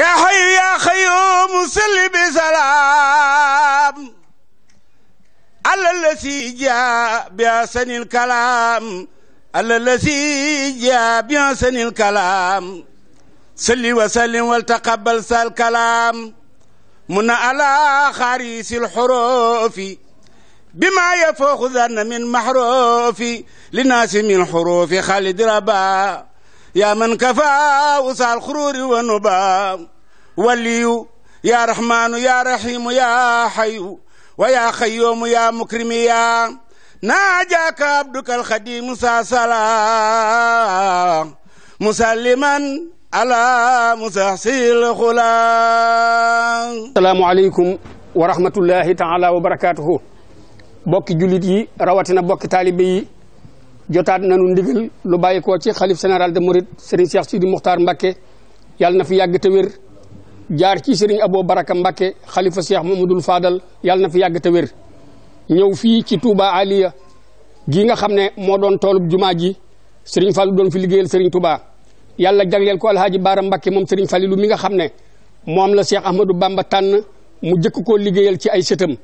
yaa xayu yaa xayuumu salli bi salaam ala la si jaa bi asanil kalaam ala la si jaa bi asanil kalaam salli wa sallim wal taqabbal sal kalaam mun na ala xaarisil xuroofi bima yafooxu zanna min maxroofi li naasi min xuroofi xaalid rabaa yaa man kafaa usaal xuruuri wa nubaa waliyu yaa raxmaanu yaa raxiimu yaa xayu wa yaa xayoomu yaa mukrimi yaa naajaaka abdukal xadiimu saa salaa musalliman ala musaxsil xulaa asalaamualeykum wa rahmatullahi taala wa barakaatuhu bokki jullit yi rawatina bokki taalibe yi jotaat na nañu ndigal lu bàyyi koo ci xalif général de Mouride Serigne Cheikh Sidi Moukhtar Mbacke yàlla na fi yàgg te wér jaar ci Serigne Abo Baraka Mbacke xalifa Cheikh Mamadou faadal yàlla na fi yàgg te wér ñëw fii ci Touba Aliya gi nga xam ne moo doon toolub jumaa ji Serigne Fallou doon fi liggéeyal Serigne Touba yàlla jagleel ko Alhaji Baara Mbacke moom Serigne Fallilou mi nga xam ne moom la Cheikh Ahmadou Bamba tànn mu jëkk koo liggéeyal ci ay sëtam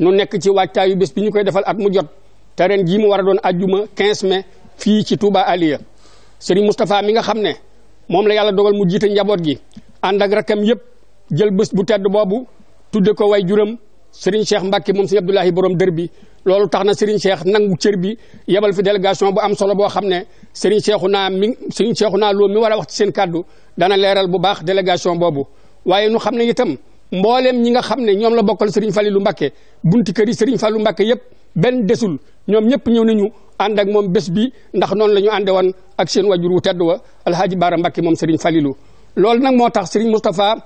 nu nekk ci waajtaayu bés bi ñu koy defal at mu jot. te ren jii mu war a doon ajjuma 15 mai fii ci Touba Aliya Serigne Moustapha mi nga xam ne moom la yàlla dogal mu jiite njaboot gi ànd ak rakam yëpp jël bës bu tedd boobu tudde ko way juram Serigne Cheikh Mbacke moom Serigne Abdoulahi borom dër bi loolu tax na Serigne Cheikh nangu cër bi yebal fi délégation bu am solo boo xam ne Serigne Cheikhouna mi Serigne Cheikhouna Lo mi war a wax ci seen kàddu dana leeral bu baax délégation boobu waaye nu xam ne itam mbooleem ñi nga xam ne ñoom la bokkal Serigne Falilou Mbacke bunti kër yi Serigne Fallou Mbacke yëpp. benn desul ñoom ñëpp ñëw nañu ànd ak moom bés bi ndax noonu la ñu ànde woon ak seen wajur wu tedd wa alhaaji baara mbàkke moom sëriñ falilu lool nag moo tax sëriñ moustapha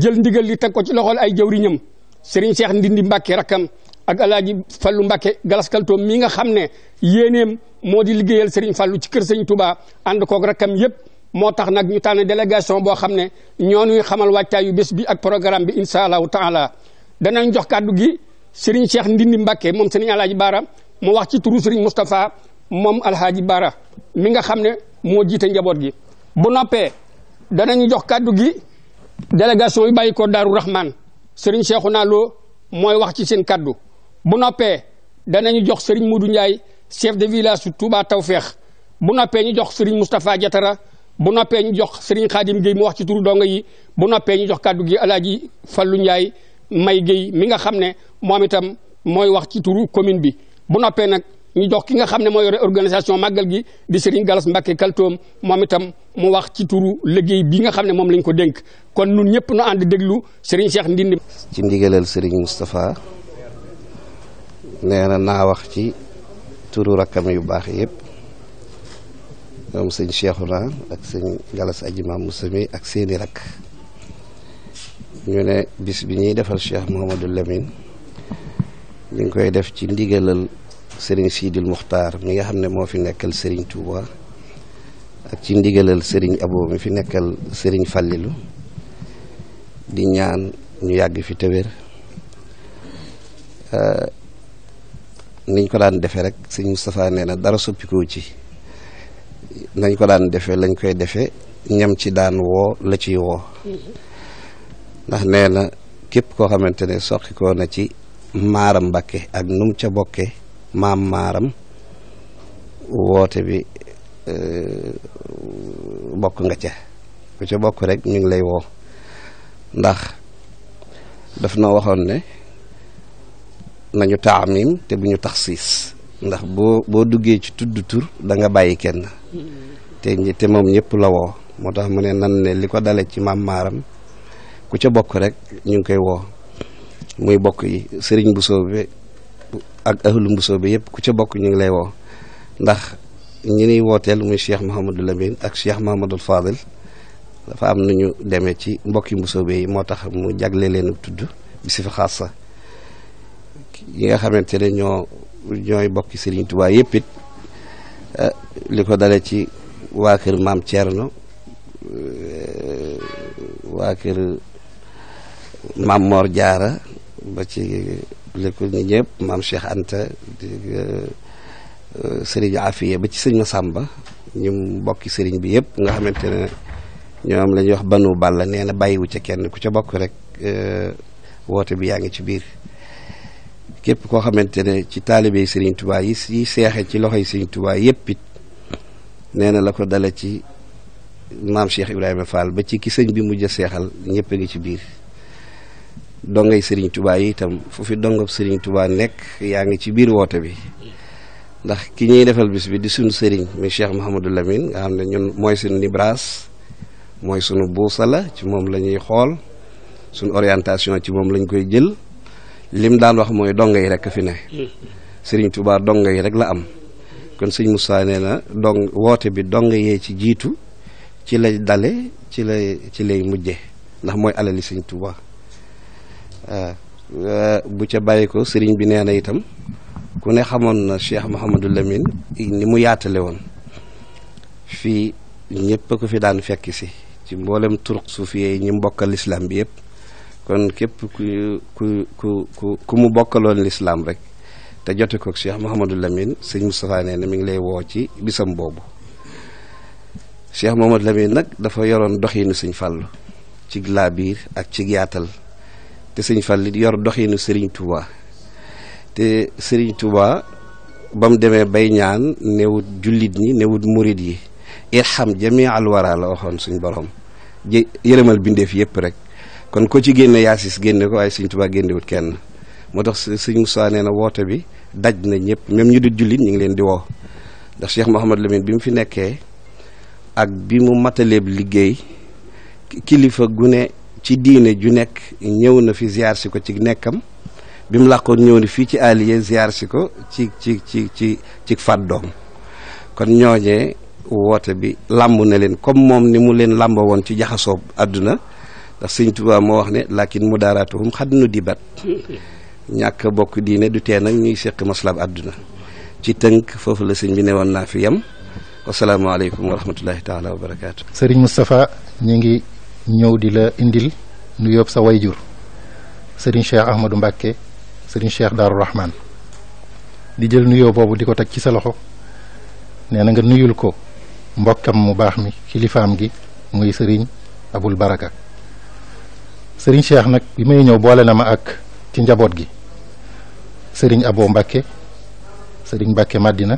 jël ndigal li teg ko ci loxol ay jëwriñam sëriñ seex ndindi mbàkke rakkam ak alaaji fallu mbàkke galaskaltoom mi nga xam ne yéeneem moo di liggéeyal sëriñ fallu ci kër sëriñ tubaa ànd koog rakkam yépp moo tax nag ñu tànn délégation boo xam ne ñoo ñuy xamal wàccaayu bés bi ak programme bi incha allahu taala danañ jox kàddu gi Serigne Cheikh Ndindi Mbacke moom Serigne Alhaji Baara mu wax ci turu Serigne Moustapha moom Alhaji Baara mi nga xam ne moo jiite njaboot gi bu noppee danañu jox kàddu gi délégation yi bàyyi ko Daaru Rahman Serigne Cheikhouna Lo mooy wax ci seen kàddu bu noppee danañu jox Serigne Modou Ndiaye chef de village su Touba Tawféex bu noppee ñu jox Serigne Moustapha Diatara bu noppee ñu jox Serigne Khadim Gueye mu wax ci turu donga yi bu noppee ñu jox kaddu gi Alhaji Fallou Ndiaye May Guèye mi nga xam ne moom itam mooy wax ci turu commune bi bu noppee nag ñu jox ki nga xam ne mooy yore organisation màggal gi di Serigne galas Mbacke Kaltoom moom itam mu wax ci turu liggéey bi nga xam ne moom lañ ko dénk kon nun ñëpp nu ànd déglu Serigne Cheikh Ndindi. ci ndigalal Serigne mustapha nee na naa wax ci turu rakkam yu baax yëpp ñoom sëñ Cheikhouna ak sëñ Gallas Adjima Moussa mi ak seeni rakk. ñu ne bis bi ñuy defal Cheikh Mouhamadou Lamine ñu ngi koy def ci ndigalal Serigne Sidil Muxtaar mi nga xam ne moo fi nekkal Serigne Touba ak ci ndigalal sëriñ Abo mi fi nekkal Serigne Fallilu di ñaan ñu yàgg fi te wér eh, niñ ko daan defee rek sëñ Moustapha nee na dara soppikoo ci nañ ko daan defee lañ koy defee ñam ci daan woo la ciy woo mm-hmm. ndax nee na képp koo xamante ne soqikoo na ci maaram Mbàkke ak num ca bokke maam maaram woote bi e, bokk nga ca ku ca bokk rek ñu ngi lay woo ndax daf na waxoon ne nañu taamim te bu ñu taxsiis ndax boo boo duggee ci tudd tur da bàyyi kenn mm-hmm. te te moom ñëpp la woo moo tax mu ne nan ne li ko dale ci maam maaram ku ca bokk rek ñu ngi koy woo muy bokk sëriñ bu soobe ak ahlum bu soobe yëpp ku ca bokk ñu ngi lay woo ndax ñi niy wooteel muy Cheikh Mouhamadul Amin ak Cheikh Mouhamadul Fadil dafa am ñu demee ci mbokki mbusoobe yi moo tax mu jagle leen tudd bi si fi xaas sa yi nga xamante ne ñoo ñooy bokki sëriñ Touba yëpp it eh, li ko dale ci waa kër maam Thierno eh, waa kër maam Mor Jaara ba ci lékkul ni ñëpp maam Cheikh Anta euh, euh, sëriñ Afiya ba ci sëñ sàmba ñu bokki sëriñ bi yëpp nga xamante ne ñoom la ñuy wax banu balla nee na bàyyiwu ca kenn ku ca bokk rek euh, woote bi yaa ngi ci biir képp koo xamante ne ci taalibe sëriñ Tuubaa yi yi seexe ci loxoy sëriñ Tuubaa yëpp it nee na la ko dala ci maam Cheikh Ibrahima Fall ba ci ki sëñ bi mujj a seexal ñëpp a ngi ci biir yi Serigne Touba yi itam fu fi dongab Serigne Touba nekk yaa ngi ci biir woote bi ndax ki ñuy defal bis bi di suñ Serigne mi Cheikh Mouhamadou Lamine nga xam ne ñun mooy suñu nibraas mooy suñu buusala ci moom la ñuy xool suñu orientation ci moom lañ koy jël lim daan wax mooy donga yi rek a fi ne sëriñ Touba donga yi rek la am kon sëñ Moussa nee na dong woote bi donga yee ci jiitu ci lay dale ci lay ci lay mujje ndax mooy alali sëñ Touba Euh, bu ca bàyyi ko sëriñ bi nee na itam ku ne xamoon na Cheikh Mouhamadou Lamine ni mu yaatale woon fii ñëpp a ko fi daan fekk si ci mboolem turuq suufiye yi ñi mbokkal lislaam bi yëpp kon képp ku ku ku ku mu bokkaloon lislaam rek te jote ko Cheikh Mouhamadou Lamine sëñ Moustapha nee na mi ngi lay woo ci bisam boobu Cheikh Mouhamadou Lamine nag dafa yoroon doxinu sëñ Fàllu ci laa ak ci yaatal te sëñ Fall yor doxinu Serigne Touba te sëriñ Touba ba mu demee bay ñaan newut jullit ñi newut murit yi irham xam al wara la waxoon suñ borom jë yërëmal bindeef yëpp rek kon ko ci génne yaasis génne ko waaye suñ Touba génnewut kenn moo tax Serigne Moussa nee na woote bi daj na ñëpp même ñu di jullit ñu ngi leen di woo ndax Cheikh Mouhamad Lamine bi mu fi nekkee ak bi mu mataleeb liggéey kilifa gu ci diine ju nekk ñëw na fi ziar si ko ci nekkam bi mu làqoon ñëw ni fii ci allié ziar si ko ci ci ci ci ci fàddoom kon ñooñee woote bi làmb na leen comme moom ni mu leen làmba woon ci jaxasoo àdduna ndax sëñ Tuubaa moo wax ne lakin mudaaraatuhum xad nu dibat ñàkk bokk diine du tee nag ñuy seq maslab àdduna ci tënk foofu la sëñ bi ne woon naa fi yem wasalaamaaleykum wa rahmatullahi taala wa barakaatu. Sëriñ Moustapha ñu ngi. ñëw di la indil nu sa way sëriñ Cheikh Ahmadou Mbacke sëriñ Cheikh Darou Rahman di jël nuyoo boobu di ko teg ci sa loxo nee na nga nuyul ko mbokkam mu baax mi kilifaam gi muy sëriñ Abul Baraka sëriñ Cheikh nag bi may ñëw boole na ma ak ci njaboot gi sëriñ Abo Mbacke sëriñ Mbacke Madina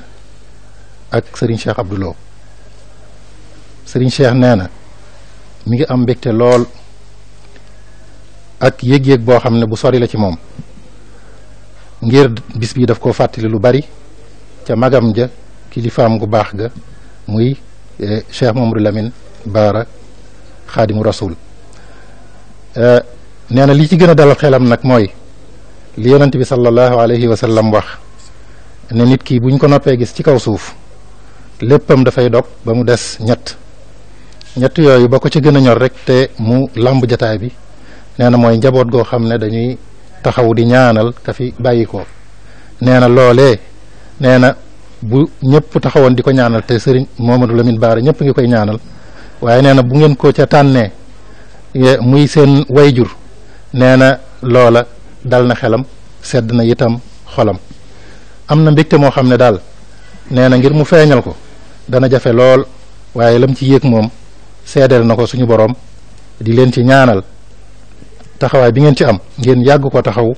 ak sëriñ Cheikh Abdoulou sëriñ Cheikh nee na. mi ngi am mbégte lool ak yëg-yëg boo xam ne bu sori la ci moom ngir bis bi daf koo fàttali lu bari ca magam ja kilifaam gu baax ga muy eh, Cheikh Mamadou Lamine Baara xaadimu rasul eh, nee na li ci gën a dalal xelam nag mooy li yonent bi sallallahu alayhi wa sallam wax ne nit ki buñ ko noppee gis ci kaw suuf léppam dafay dog ba mu des ñett ñett yooyu ba ko ci gën a ñor rek te mu làmb jataay bi nee na mooy njaboot goo xam ne dañuy taxaw di ñaanal ka fi bàyyi ko nee na loolee nee na bu ñëpp taxawoon di ko ñaanal te sëriñ la Lamine Baara ñëpp ngi koy ñaanal waaye nee na bu ngeen ko ca tànnee muy seen wayjur nee na loola dal na xelam sedd na itam xolam am na mbégte moo xam ne daal nee na ngir mu feeñal ko dana jafe lool waaye lam ci yéeg moom seedeel na ko suñu boroom di leen ci ñaanal taxawaay bi ngeen ci am ngeen yàgg ko taxaw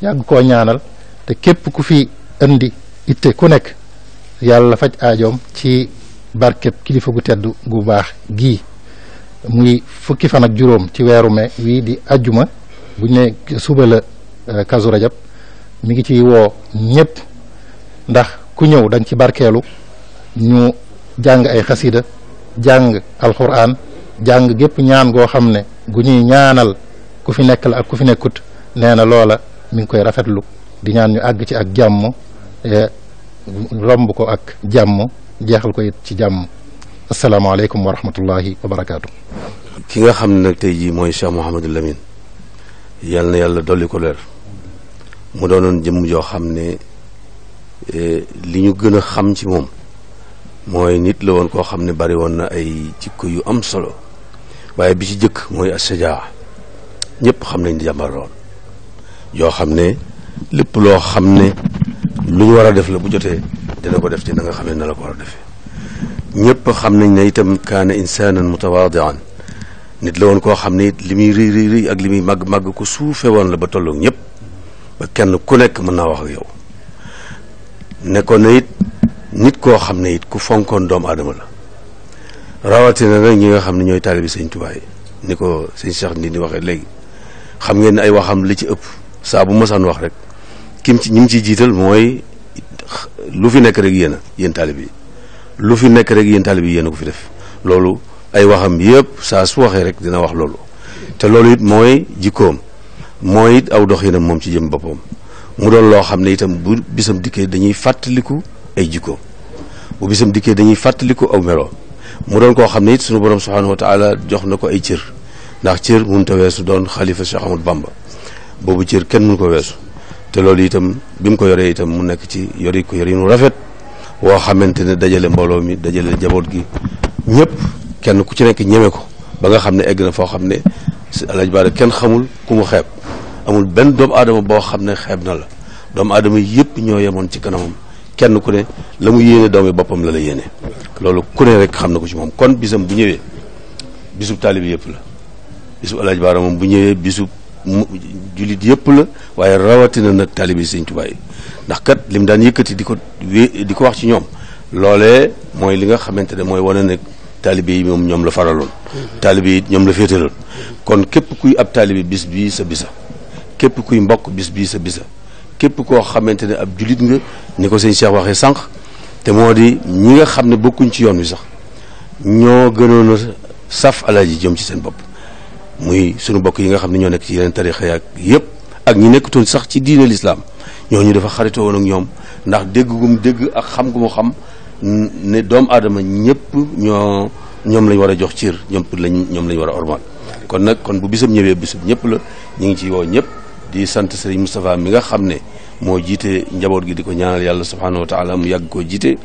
yàgg koo ñaanal te képp ku fi indi itte ku nekk yàlla faj aajoom ci barkeb kilifa gu tedd gu baax gii muy fukki fan ak juróom ci weeru me wii di ajjuma bu ñu ne suba la euh, kazu rajab mi ngi ci woo ñépp ndax ku ñëw da ci barkeelu ñu jàng ay xasida jàng alquran jàng gépp ñaan goo xam ne gu ñuy ñaanal ku fi nekk la ak ku fi nekkut nee na loola mi ngi koy rafetlu di ñaan ñu àgg ci ak jàmm e, romb ko ak jàmm jeexal ko it ci jàmm asalaamaaleykum wa rahmatullahi wa barakaatu. ki nga xam ne nag tey jii mooy Cheikh Mouhamadul Lamine yal na yàlla dolli ko leer mu doonoon jëmm joo xam ne e, li ñu gën a xam ci moom. mooy nit la woon koo xam ne bari woon na ay jikko yu am solo waaye bi ci jëkk mooy asajaa ñëpp xam nañ di jàmbaroon yoo xam ne lépp loo xam ne lu ñu war a def la bu jotee dina ko def ci na nga xam ne na la ko war a defee ñëpp xam nañ ne itam kaana insaanan mutawaadian nit la woon koo xam ne it li muy rëy rëy ak li muy màgg màgg ku suufe woon la ba tolloog ñëpp ba kenn ku nekk mën naa wax ak yow nekkoon na it nit koo xam ne it ku fonkoon doomu aadama la rawatina nag ñi nga xam ne ñooy taalibi sëñ Tuubaa yi ni ko sëñ Cheikh Ndindi waxee léegi xam ngeen ne ay waxam li ci ëpp saa bu mosaan wax rek kim ci ñi ngi ciy jiital mooy lu fi nekk rek yéen a yéen taalib yi lu fi nekk rek yéen taalib yéen a fi def loolu ay waxam yëpp saa su waxee rek dina wax loolu te loolu it mooy jikkoom mooy it aw doxinam moom ci jëm boppam mu doon loo xam ne itam bu bisam dikkee dañuy fàttaliku ay jikko bu bisam dikkee dañuy fàttaliku aw melo mu doon koo xam ne it sunu borom subhaanahu wa taala jox na ko ay cër ndax cër mun ta weesu doon xalifa Cheikh Ahmadou Bamba boobu cër kenn mun ko weesu te loolu itam bi mu ko yoree itam mu nekk ci yori ko yorinu rafet woo xamante ne dajale mbooloo mi dajale jaboot gi ñëpp kenn ku ci nekk ñeme ko ba nga xam ne egg na foo xam ne alaj baare kenn xamul ku mu xeeb amul benn doomu aadama boo xam ne xeeb na la doomu aadama yëpp ñoo yemoon ci kanamam kenn ku ne la mu yéene doomi boppam la la yéene loolu ku ne rek xam na ko ci moom kon bisam bu ñëwee bisub taalibi yëpp la bisub alaaji baara moom bu ñëwee bisub jullit yëpp la waaye rawatina nag taalibi sëñ Tuubaa yi ndax kat li daan yëkkati di ko di ko wax ci ñoom loole mooy li nga xamante ne mooy wane ne taalibe yi moom ñoom la faraloon taalibe yi ñoom la féetaloon kon képp kuy ab taalibe bis bii sa bisa képp kuy mbokk bis bii sa bisa képp koo xamante ne ab julit nga ni ko sëñ Cheikh waxee sànq te moo di ñi nga xam ne bokkuñ ci yoon wi sax ñoo gënoon a saf alaaji jëm ci seen bopp muy sunu bokk yi nga xam ne ñoo nekk ci yeneen tarixa yaak yëpp ak ñi nekkutoon sax ci diine lislaam ñu dafa xaritoo woon ak ñoom ndax dégg gum dégg ak xam gu mu xam ne doomu aadama ñëpp ñoo ñoom lañ war a jox ciir ñoom lañ ñoom lañu war a ormal kon nag kon bu bisam ñëwee bisub ñëpp la ñu ngi ci woo ñëpp di sant sëriñ Moustapha mi nga xam ne moo jiite njaboot gi di ko ñaanal yàlla subhaanahu wa taala mu yàgg koo jiite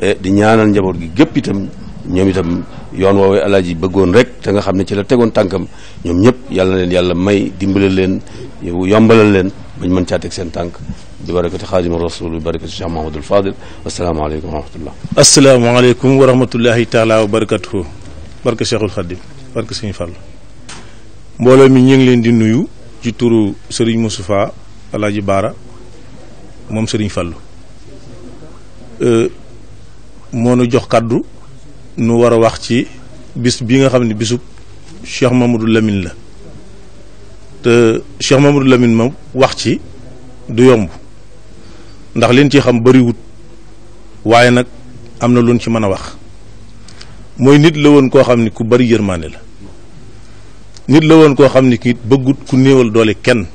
eh, di ñaanal njaboot gi gépp itam ñoom itam yoon woowee alaaji bëggoon rek te nga xam ne ci la tegoon tànkam ñoom ñëpp yàlla leen yàlla may dimbalal leen yombalal leen bañ mën caa teg seen tànk bi barakati xaadima rasul bi barakati cheikh mahamadul fadil asalaamaaleykum wa rahmatullah asalaamaaleykum wa rahmatullahi taala wa barakatuhu barka cheikhul xadim barka sëñ fàll mbooloo mi ñu ngi leen di nuyu ci turu sëriñ Moustapha Alaaji Baara moom sëriñ Fallou euh, moo nu jox kàddu nu war a wax ci bis bi nga xam ne bisub Cheikh Mamadou Lamine la te Cheikh Mamadou Lamine moom wax ci du yomb ndax liñ ci xam bariwut waaye nag am na luñ ci mën a wax mooy nit la woon koo xam ni ku bari yërmaane la nit la woon koo xam ne kii bëggut ku néewal doole kenn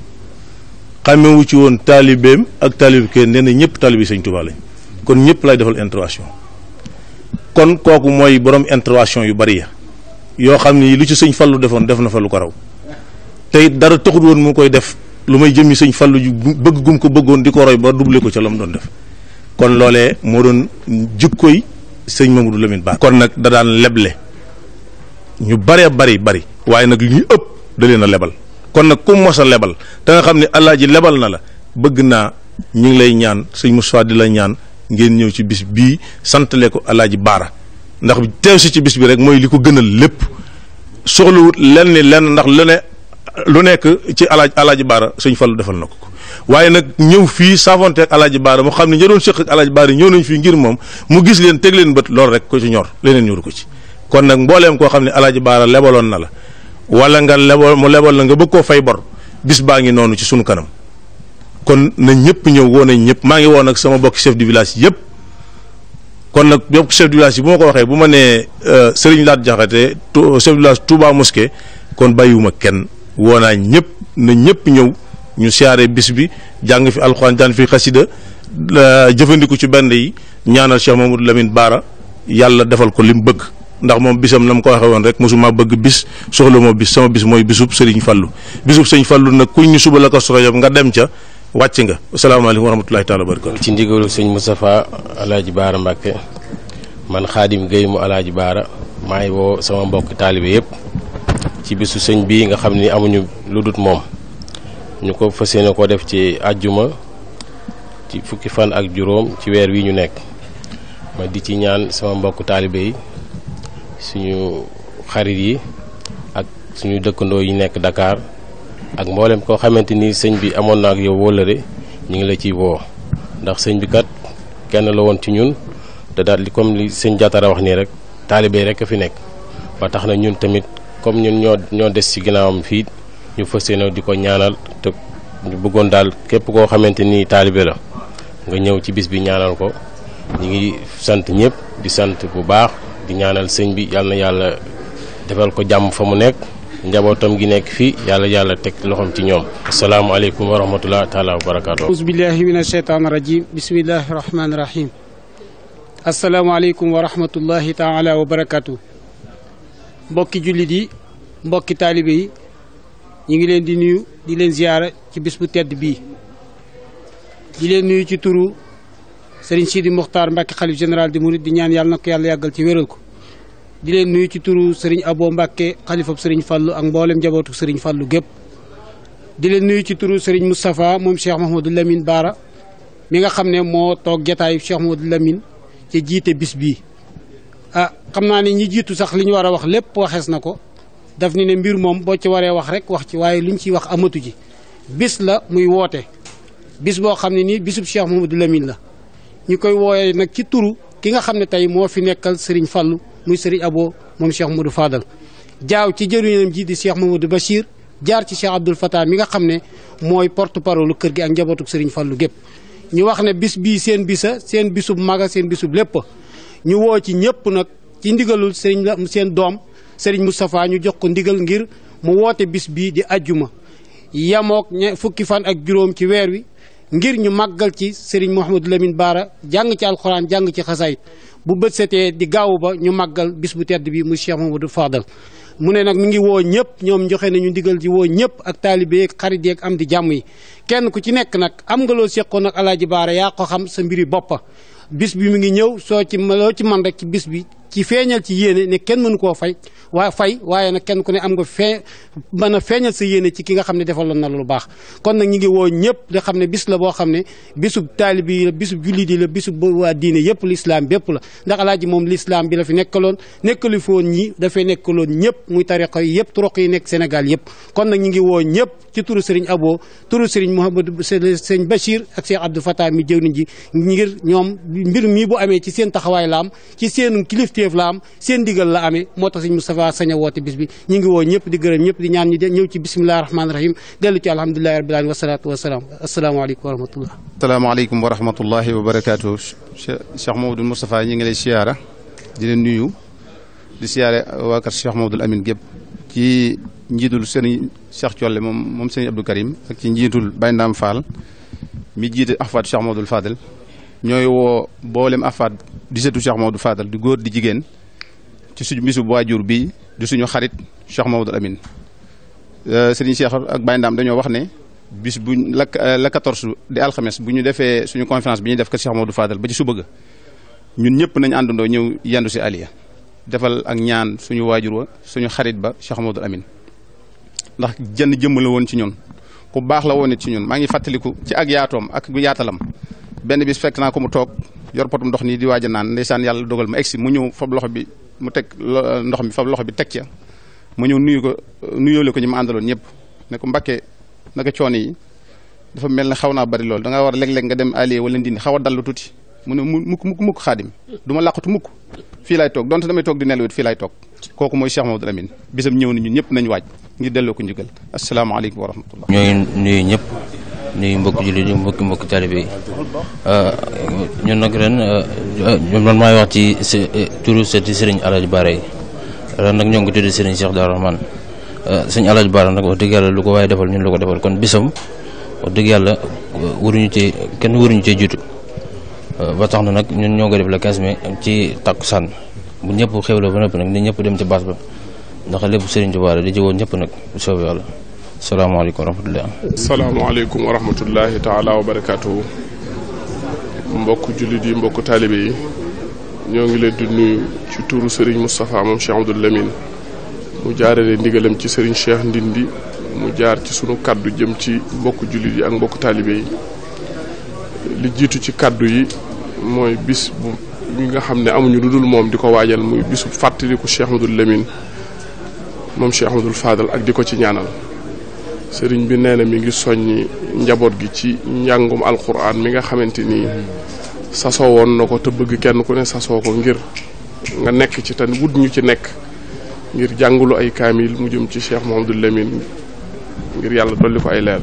xamewu ci woon taalibeem ak taalib kenn nee na ñëpp taalibi sëñ Tuubaa kon ñëpp lay defal intervention kon kooku mooy borom intervention yu bari ya yoo xam ni lu ci sëñ fallu defoon def na fa lu ko raw te it dara taxut woon mu koy def lu may jëmmi sëñ fallu ju bëgg gum ko bëggoon di ko roy ba doublé ko ca la mu doon def kon loole moo doon jikkoy sëñ Mamadou Lamine Ba kon nag da daan leble ñu bëree bëri bëri waaye nag li ñuy ëpp da leen a lebal kon nag ku mos a lebal te nga xam ne alaaji lebal na la bëgg naa ñu ngi lay ñaan sëñ Moussa di la ñaan ngeen ñëw ci bis bii santale ko alaaji baara ndax teew si ci bis bi rek mooy li ko gënal lépp soxlawut lenn ni lenn ndax lu lu nekk ci alaaj alaaji baara sëñ Fallu defal na ko ko waaye nag ñëw fii saafonteeg alaaji baara mu xam ne ña doon sëq ak alaaji baara ñëw nañ fii ngir moom mu gis leen teg leen bët loolu rek ko ci ñor leneen ñoru ko ci kon nag mbooleem koo xam ne alaaji baara lebaloon na la wala nga lebal mu lebal la nga bëgg koo fay bor bis baa ngi noonu ci sunu kanam kon na ñëpp ñëw woo nañ ñëpp maa ngi woon ak sama bokk chef du village yëpp kon nag bokk chef du village bu ma ko waxee bu ma nee euh, Serigne Laat Jaxate chef du village Touba Mosquée kon bàyyiwuma kenn woo naa ñëpp na ñëpp ñëw ñu siyaare bis bi jàng fi alxuraan jàng fi xasida jëfandiku ci benn yi ñaanal Cheikh Mamadou Lamine Baara yàlla defal ko li mu bëgg ndax moom bisam na mu ko waxee woon rek mosuma bëgg bis soxla moo bis sama bis mooy bisub sëriñ fallu bisub sëriñ fallu nag ku ñu suba la ko soxla nga dem ca wàcc nga asalaamaaleykum wa rahmatulahi taala wa barakatu ci ndigalu sëñ Moustapha alaaji baara Mbàkke man xaadim Guèye mu alaaji baara maa ngi woo sama mbokk taalibe yëpp ci bisu sëñ bii nga xam ni amuñu lu dut moom ñu ko fas yéene koo def ci àjjuma ci fukki fan ak juróom ci weer wi ñu nekk ma di ci ñaan sama mbokk taalibe yi suñu xarit yi ak suñu dëkkandoo yi nekk dakaar ak mboolem koo xamante ni sëñ bi amoon na ak yow wóllëre ñu ngi la ciy woo ndax sëñ bi kat kenn la woon ci ñun te daal li comme li sëñ Jatara wax nii rek taalibe rek a fi nekk ba tax na ñun tamit comme ñun ñoo ñoo des ci ginnaawam fii ñu fas yéene di ko ñaanal te ñu bëggoon daal képp koo xamante ni taalibe la nga ñëw ci bis bi ñaanal ko ñu ngi sant ñëpp di sant bu baax. di ñaanal bi yàlla na defal ko jàmm fa mu nekk njabootam gi nekk fii yàlla yàlla teg loxoom ci ñoom asalaamualeykum wa rahmatullah taala wa barakaatu auzu billahi min asheytaan rajim bismillahi rahmaani rahim asalaamaaleykum wa rahmatullahi taala wa mbokki jullit yi mbokki taalibe yi ñu ngi leen di nuyu di leen ziyaara ci bis bu tedd bi di leen nuyu ci turu sëriñ Sidi Mokhtar Mbacke xalif général di Mouride di ñaan yàlla na ko yàlla yàggal ci wéral ko di leen nuyu ci turu sëriñ Abo Mbacke xalifab sëriñ Fallou ak mboolem njabootu sëriñ Fallou gépp di leen nuyu ci turu sëriñ Moustapha moom Cheikh Mahmoudou Lamine Baara mi nga xam ne moo toog jataayu Cheikh Mahmoudou Lamine ci jiite bis bi ah xam naa ni ñi jiitu sax li ñu war a wax lépp waxees na ko daf ni ne mbir moom boo ci waree wax rek wax ci waaye luñ ciy wax amatu ji bis la muy woote bis boo xam ne nii bisub Cheikh Mahmoudou Lamine la. ñu koy wooyee nag ci turu ki nga xam ne tey moo fi nekkal Serigne Fallou muy Serigne Abo moom Cheikh Modou Fadal jaaw ci jëriñam ji di Cheikh Mamadou Bachir jaar ci Cheikh Abdoul Fatah mi nga xam ne mooy porte parole kër gi ak njabootu Serigne Fallou gépp ñu wax ne bis bii seen bisa seen bisub maga seen bisub lépp ñu woo ci ñëpp nag ci ndigalul sëriñ la seen doom sëriñ Moustapha ñu jox ko ndigal ngir mu woote bis bii di ajjuma yamook fukki fan ak juróom ci weer wi ngir ñu màggal ci Serigne Mouhamadou Lamine Baara jàng ci alxuraan jàng ci xasaayit bu bët setee di gaaw ba ñu màggal bis bu tedd bi mu Cheikh Mouhamadou Fadal mu ne nag mu ngi woo ñëpp ñoom joxe nañu ndigal di woo ñëpp ak taalibe yeeg xarit yeeg am di jàmm yi kenn ku ci nekk nag am nga loo seqoon ak alaaji baara yaa ko xam sa mbiri boppa bis bi mi ngi ñëw soo ci loo ci man rek ci bis bi ci feeñal ci yéene ne kenn mënu koo fay waa fay waaye na kenn ku ne am nga fee man a feeñal sa yéene ci ki nga xam ne defaloon na lu baax kon nag ñi ngi woo ñëpp di xam ne bis la boo xam ne bisub taalibi yi la bisub jullit yi la bisub waa diine yëpp lislaam bépp la ndax alaaji moom lislaam bi la fi nekkaloon nekkalu fi woon ñi dafay nekkaloon ñëpp muy tariqa yi yëpp turuq yi nekk Sénégal yëpp kon nag ñi ngi woo ñëpp ci turu Serigne Abo turu Serigne Mouhamadou Serigne Bachir ak Cheikh Abdou Fatah mi jëwriñ ji ngir ñoom mbir mii bu amee ci seen taxawaay la ci seen kilif pastéef la am seen ndigal la amee moo tax sëñ Moustapha sañ a woote bis bi ñu ngi ñëpp di gërëm ñëpp di ñaan ñi de ñëw ci bisimilah rahmaani rahim dellu ci alhamdulilahi rabbil alamin wasalaatu wasalaam asalaamaaleykum wa rahmatullah asalaamaaleykum wa rahmatullahi wa barakaatu Cheikh Mamadou Moustapha ñi ngi lay siyaara di leen nuyu di siyaare waa kër Cheikh Mamadou Amine gépp ci njiitul sëriñ Cheikh Thiolle moom moom sëriñ Abdou Karim ci njiitul Baye Ndam mi jiite ahfaad Cheikh Mamadou Fadel ñooy woo mboolem afaat di setu Cheikh Maodo Fadal di góor di jigéen ci suñu bisu waajur bi di suñu xarit Cheikh Maodo Amine euh, Serigne Cheikh ak Baye dañoo wax ne bis bu la euh, la 14 di alxames bu ñu defee suñu conférence bi ñuy def ko Cheikh Fadal ba ci suba ga ñun ñëpp nañu àndandoo ñëw yendu si Aliya defal ak ñaan suñu waajur wa suñu xarit ba Cheikh Maodo Amine ndax jënn jëmm la woon ci ñun ku baax la woon it ci ñun maa ngi fàttaliku ci ak yaatoom ak yaatalam. benn bis fekk naa ko mu toog yor potum ndox nii di waaj a naan ndeysaan yàlla dogal ma egsi mu ñëw fab loxo bi mu teg ndox mi fab loxo bi teg ca ma ñëw nuyu ko nuyoole ko ñi ma àndaloon ñëpp ne ko mbakke naka coon yi dafa mel ne xaw naa bari lool da war léeg nga dem allié wala ndindi xaw a dallu tuuti mu ne mukk mukk mukk xaadim du ma làqatu mukk fii laay toog donte damay toog di nelawit fii laay toog kooku mooy Cheikh Mamadou Lamine bisam ñëw na ñun ñëpp nañ waaj ngir delloo ko njugal asalaamaaleykum wa rahmatullah ñooy nuyu ñëpp nuyu mbokki jullit yi mbokki mbokki taalibe yi euh, ñun nag ren man euh, maay wax ci euh, turu set Serigne Alaaji Baara yi ren nag ñoo ngi ko tuddee Serigne Cheikh Darou Rahman sëñ Alaaji Baara nag wax dëgg yàlla lu ko waaye defal ñun la ko defal kon bisam wax dëgg yàlla waruñu cee kenn waruñu cee jiitu ba tax na nag ñun ñoo ngi def le 15 mai ci saan bu ñëpp la ba noppi nag ni ñëpp dem ci baas ba ndax lépp Serigne Touba la di ci woo ñëpp nag bu soobee salaamaaleykum wa rahmatulah. salaamaaleykum wa rahmatullahi taala wa barakaatu. mbokku jullit yi mbokku taalibe yi ñoo ngi leen di nuyu ci turu Serigne Moustapha moom Cheikh Abdoul Lamine mu jaarale ndigalam ci Serigne Cheikh Ndindi mu jaar ci sunu kaddu jëm ci mbokku jullit yi ak mbokku taalibe yi jiitu ci kaddu yi mooy bis nga xam ne amuñu lu dul moom di ko waajal muy bisu fàttaliku Cheikh Abdoul Lamine moom Cheikh Abdoul Fadal ak di ko ci ñaanal. sëriñ bi nee na mi ngi soññi njaboot gi ci njàngum alquran mi nga xamante ni sasoo woon na ko te bëgg kenn ku ne sasoo ko ngir nga nekk ci tan wut ñu ci nekk ngir jàngulu ay kaamil mu jëm ci Cheikh Mouhamadou Lamine ngir yàlla dolli ko ay leer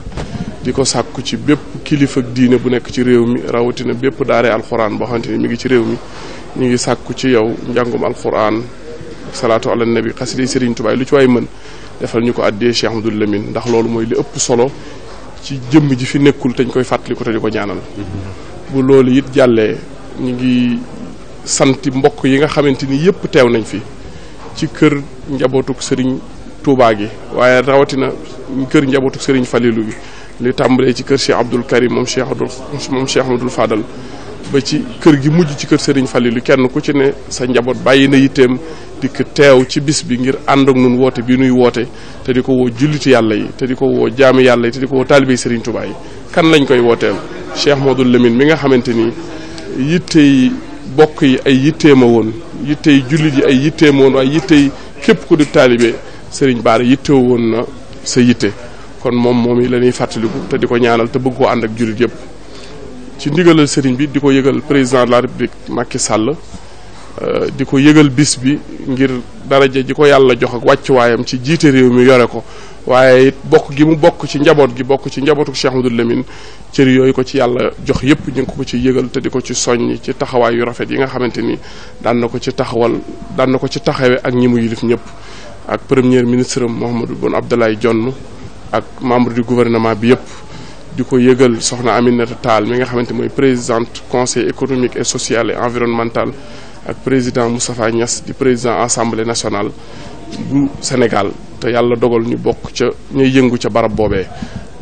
di ko sàkku ci bépp kilifa diine bu nekk ci réew mi rawatina bépp daaree alxuraan boo mi ngi ci réew mi ñu ngi sàkku ci yow njàngum alquran salaatu ala nabi xasida Sëriñ Tuubaa lu ci waay mën defal ñu ko addee Cheikh Ahmadou Lamine ndax loolu mooy li ëpp solo ci jëmm ji fi nekkul te ñu koy fàttaliku te di ko ñaanal. bu loolu it jàllee ñu ngi sant mbokk yi nga xamante ni yëpp teew nañ fi ci kër njabootuk sëriñ Touba gi waaye rawatina kër njabootuk sëriñ Falilou gi li tàmbalee ci kër Cheikh Abdoul Karim moom Cheikh Abdoul moom Cheikh Abdoul faadal ba ci kër gi mujj ci kër sëriñ Falilou kenn ku ci ne sa njaboot bàyyi na yitteem. dikk teew ci bis bi ngir ànd ak nun woote bi nuy woote te di ko woo julliti yàlla yi te di ko woo jaami yàlla yi te di ko woo taalibey Serigne Touba yi kan lañ koy wooteel Cheikh Modou lemin mi nga xamante ni yittey bokk yi ay yitteema woon yittey jullit yi ay yitteema woon waaye yittey képp ku di taalibe Serigne Bara yittew woon na sa yitte kon moom moom yi la ñuy fàttaliku te di ko ñaanal te bëgg koo ànd ak jullit yëpp ci ndigalal Serigne bi di ko yëgal président la République Macky Sall Euh, di ko yëgal bis bi ngir daraja ji ko yàlla jox ak wàccuwaayam ci jiite réew mi yore ko waaye bokk gi mu bokk ci njaboot gi bokk ci njabootu Cheikh Ahmadou Lamine cër yooyu ko ci yàlla jox yépp ñu ngi ko ci yëgal te di ko ci soññ ci taxawaay yu rafet yi nga xamante ni daan na ko ci taxawal daan na ko ci taxawe ak ñi mu yilif ñëpp ak premier ministre Mouhamadou Boun Abdallah Dionne ak membre du gouvernement bi yépp di ko yëgal soxna Aminata Tall mi nga xamante mooy présidente conseil économique social et environnemental ak président Moustapha Niass di président assemblée nationale bu Sénégal te yàlla dogal ñu bokk ca ñuy yëngu ca barab boobee.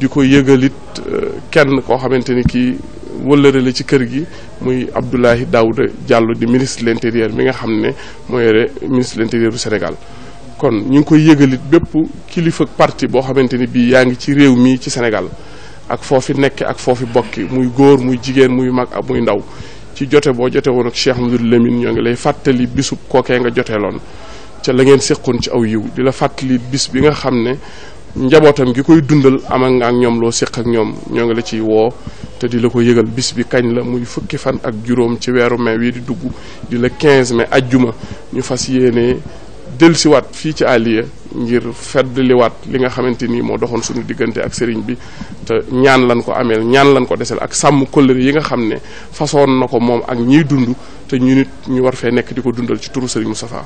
di ko yëgalit euh, kenn koo xamante ni kii wëllëre ci kër gi muy Abdoulaye Daouda jàll di ministre de l'intérieur mi nga xam ne moo yore ministre de l'intérieur bu Sénégal. kon ñu ngi koy yëgalit bépp kilifa parti boo xamante ni bii yaa ngi ci réew mii ci Sénégal ak foofi nekk ak foofi bokki muy góor muy jigéen muy mag ak muy ndaw ci jote boo jote woon ak Cheikh Amadou Lamine ñoo ngi lay fàttali bisub kookee nga jotee joteeloon ca la ngeen seqoon ci aw yiw di la fàttali bis bi nga xam ne njabootam gi koy dundal amal nga ak ñoom loo seq ak ñoom ñoo ngi la ciy woo te di la ko yëgal bis bi kañ la muy fukki fan ak juróom ci weeru mai wi di dugg di la 15 mai ajjuma ñu fas yéene dellusiwaat fii ci Aliya ngir feddliwaat li nga xamante ni moo doxoon suñu diggante ak sëriñ bi te ñaan lan ko ameel ñaan lan ko desel ak sàmm kóllëre yi nga xam ne façon na ko moom ak ñii dund te ñu nit ñu war fee nekk di ko dundal ci turu sëriñ Moustapha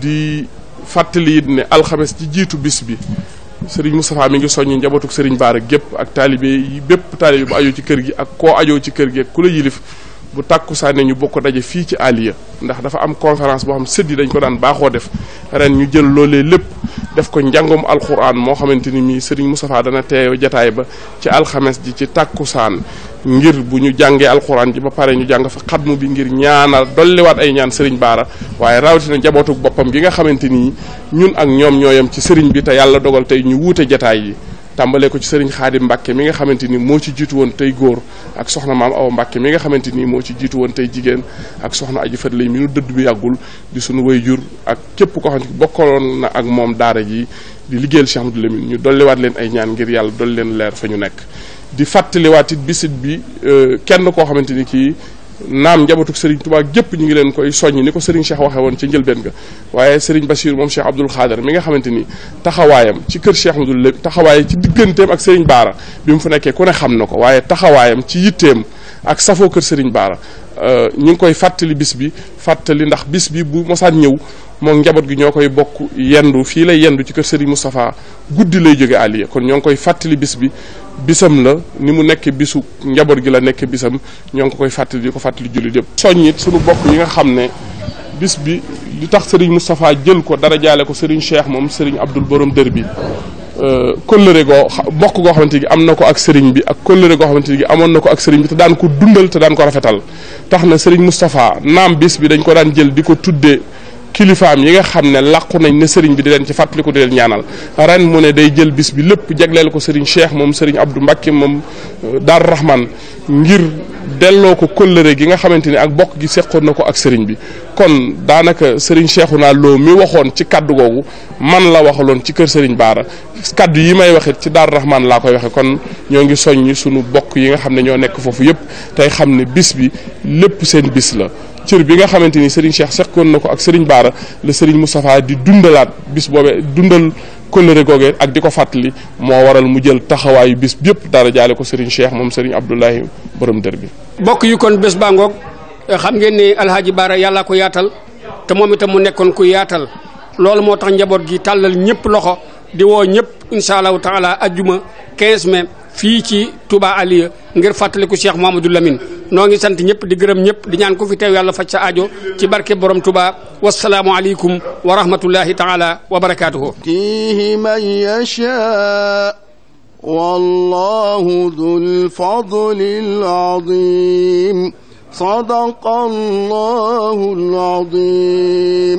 di fàttali it ne alxames ci jiitu bis bi sëriñ Moustapha mi ngi soññ njabootug sëriñ Baara gépp ak taalibe yi bépp taalibe bu ajoo ci kër gi ak koo ajoo ci kër gi ak ku la yilif bu tàkkusaane ñu bokk daje fii ci Aliya ndax dafa am conférence boo xam sëdd dañ ko daan baaxoo def ren ñu jël loolee lépp def ko njàngum alxuraan moo xamante ni mii sëriñ Moustapha dana teew jataay ba ci alxames ji ci tàkkusaan ngir bu ñu jàngee alxuraan ji ba pare ñu jàng fa xadmu bi ngir ñaanal dolliwaat ay ñaan sëriñ Baara waaye rawatina njabootug boppam gi nga xamante ni ñun ak ñoom ñooyam ci sëriñ bi te yàlla dogal tey ñu wuute jataay yi. tàmbalee ko ci sëriñ xaadim mbàkke mi nga xamante ni moo ci jiitu woon tey góor ak soxna maam awa mbàkke mi nga xamante nii moo ci jiitu woon tey jigéen ak soxna aji fat lay mi nu dëdd bi yàggul di suñu way jur ak képp ko xam ne bokkaloon na ak moom daara ji di liggéeyal Cheikh Amadou Lamine ñu dolliwaat leen ay ñaan ngir yàlla dolli leen leer fa ñu nekk di fàttaliwaat it bisit bi euh, kenn koo xamante ni kii naam njabootug Serigne Touba gépp ñu ngi leen koy soññ ni ko Serigne Cheikh waxee woon ci njëlbeen ga waaye Serigne Bassirou moom Cheikh Abdoul Khader mi nga xamante ni taxawaayam ci kër Cheikh Abdoul Léb taxawaay ci digganteem ak Serigne Baara bi fa nekkee ku ne xam na ko waaye taxawaayam ci yitteem ak safoo kër Serigne Baara euh, ñu ngi koy fàttali bis bi fàttali ndax bis bi bu mosaan ñëw moom njaboot gi ñoo koy bokk yendu fii lay yendu ci kër Serigne Moustapha guddi lay jóge àlliya kon ñoo ngi koy fàttali bis bi bisam la ni mu nekk bisu njaboot gi la nekk bisam ñoo ngi koy fàttali di ko fàttali jullit yëpp. soññit suñu bokk yi nga xam ne bis bi li tax Serigne Moustapha jël ko dara jaale ko Serigne Cheikh moom Serigne Abdul Borom dër bi euh, kóllëre goo bokk goo xamante gi am na ko ak Serigne bi ak kóllëre goo xamante gi amoon na ko ak sëriñ bi te daan ko dundal te daan ko rafetal tax na Serigne Moustapha naam bis bi dañ ko daan jël di ko tuddee. kilifaam yi nga xam ne làqu nañ ne sëriñ bi di leen ci fàttaliku di leen ñaanal ren mu ne day jël bis bi lépp jagleel ko sëriñ Cheikh moom sëriñ Abdou Mbacke moom euh, Daaru Rahman ngir delloo ko kóllëre gi nga xamante ni ak bokk gi seqoon na ko ak sëriñ bi kon daanaka sëriñ Cheikhouna Lo mi waxoon ci kaddu googu man la waxaloon ci kër sëriñ Baara kaddu yi may waxit ci Daaru Rahman laa koy waxe kon ñoo ngi soññi sunu bokk yi nga xam ne ñoo nekk foofu yëpp tey xam ne bis bi lépp seen bis la cër bi nga xamante ni Serigne Cheikh sekkoon na ko ak Serigne Baara la Serigne Moustapha di dundalaat bis boobee dundal kóllëre googee ak di ko fàttali moo waral mu jël taxawaayu bis yëpp dara jaale ko Serigne Cheikh moom Serigne Abdoulahi borom dër bi. bokk yu kon bés baa eh, xam ngeen ne Alhaji Baara yàllaa ko yaatal te moom itam mu nekkoon ku yaatal loolu moo tax njaboot gi tàllal ñëpp loxo di woo ñëpp. incha allahu taala ajjuma 15 mai fii ci Touba Aliya ngir fàttaliku Cheikh Mouhamadou Lamine noo ngi sant ñëpp di gërëm ñëpp di ñaan ko fi teew yàlla faj aajo ci barke borom Touba wasalaamu aleykum wa rahmatullahi taala wa barakaatuhu tihi man yasha wallahu dul fadlil azim sadaqallahul azim